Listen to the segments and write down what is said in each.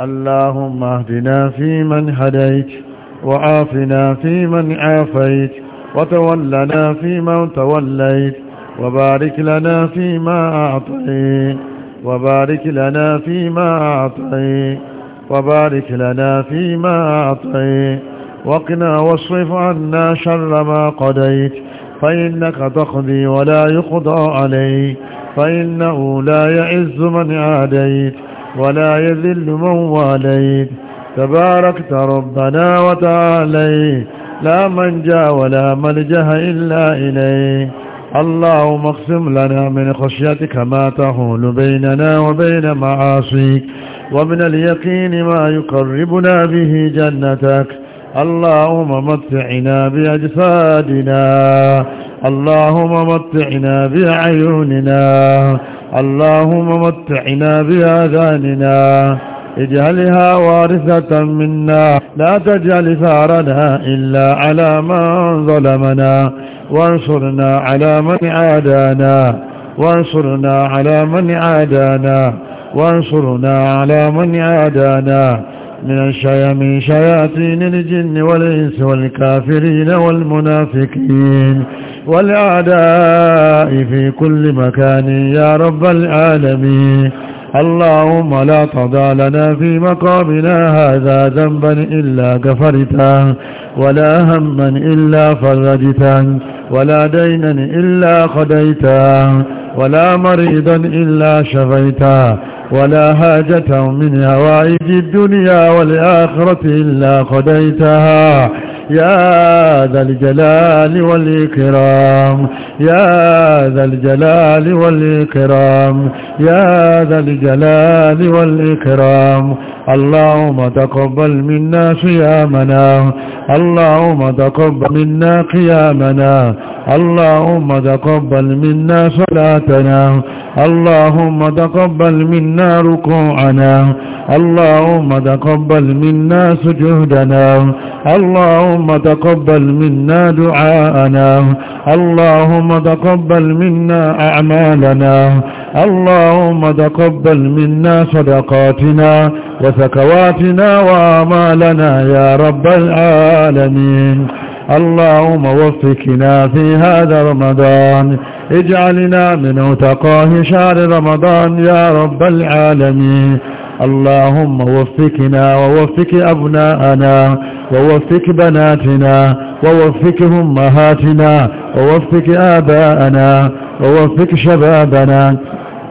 اللهم اهدنا فيمن هديت وعافنا فيمن عافيت وتولنا فيمن توليت وبارك لنا فيما أعطيت وبارك لنا فيما أعطيت وبارك لنا فيما أعطيت وقنا واصرف عنا شر ما قضيت فإنك تقضي ولا يقضى عليك فإنه لا يعز من عاديت ولا يذل من واليت تباركت ربنا وتعالي لا من جاء ولا ملجأ إلا إليه اللهم اقسم لنا من خشيتك ما تحول بيننا وبين معاصيك ومن اليقين ما يقربنا به جنتك اللهم متعنا بأجسادنا اللهم متعنا بأعيننا اللهم متعنا بآذاننا اجعلها وارثة منا لا تجعل ثارنا إلا على من ظلمنا وانصرنا على من عادانا وانصرنا على من عادانا وانصرنا على من عادانا من الشيامين شياطين الجن والإنس والكافرين والمنافقين والأعداء في كل مكان يا رب العالمين اللهم لا تضع لنا في مقامنا هذا ذنبا إلا كفرتا ولا هما إلا فرجتا ولا دينا إلا قضيتا ولا مريضا إلا شفيتا ولا حاجة من هوائج الدنيا والآخرة إلا قضيتها يا ذا الجلال والإكرام يا ذا الجلال والإكرام يا ذا الجلال والإكرام اللهم تقبل منا صيامنا اللهم تقبل منا قيامنا اللهم تقبل منا صلاتنا اللهم تقبل منا ركوعنا اللهم تقبل منا سجودنا اللهم تقبل منا دعاءنا اللهم تقبل منا أعمالنا اللهم تقبل منا صدقاتنا وسكواتنا وآمالنا يا رب العالمين اللهم وفقنا في هذا رمضان اجعلنا من اتقاه شهر رمضان يا رب العالمين اللهم وفقنا ووفق أبناءنا ووفق بناتنا ووفق أمهاتنا ووفق آباءنا ووفق شبابنا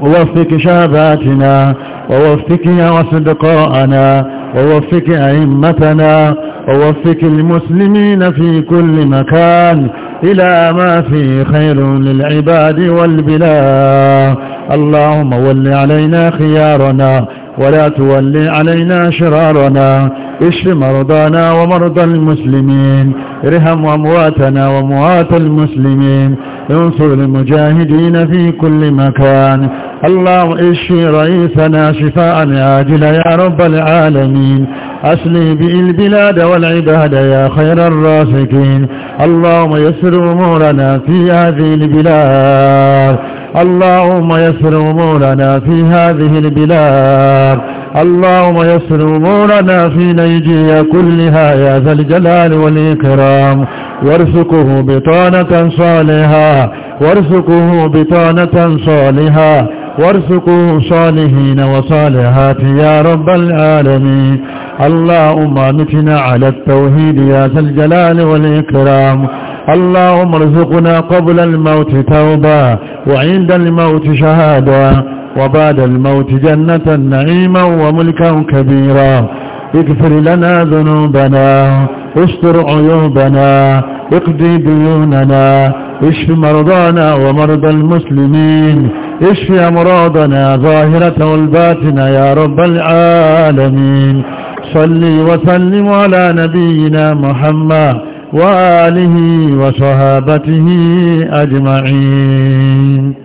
ووفق شاباتنا ووفق وصدقاءنا ووفق أئمتنا ووفق المسلمين في كل مكان إلى ما فيه خير للعباد والبلاد اللهم ول علينا خيارنا ولا تولي علينا شرارنا اشف مرضانا ومرضى المسلمين ارحم أمواتنا وموات المسلمين انصر المجاهدين في كل مكان اللهم اشفي رئيسنا شفاء عاجلا يا رب العالمين أسلي به البلاد والعباد يا خير الراسكين اللهم يسر أمورنا في هذه البلاد اللهم يسر أمورنا في هذه البلاد اللهم يسر أمورنا في نيجيا كلها يا ذا الجلال والإكرام وارزقه بطانة صالحة وارزقه بطانة صالحة وارزقوا صالحين وصالحات يا رب العالمين اللهم متنا على التوحيد يا ذا الجلال والإكرام اللهم ارزقنا قبل الموت توبة وعند الموت شهادة وبعد الموت جنة نعيما وملكا كبيرا اغفر لنا ذنوبنا استر عيوبنا اقضي ديوننا اشف مرضانا ومرضى المسلمين اشف امراضنا ظاهرة والباطنة يا رب العالمين صلي وسلم على نبينا محمد وآله وصحابته أجمعين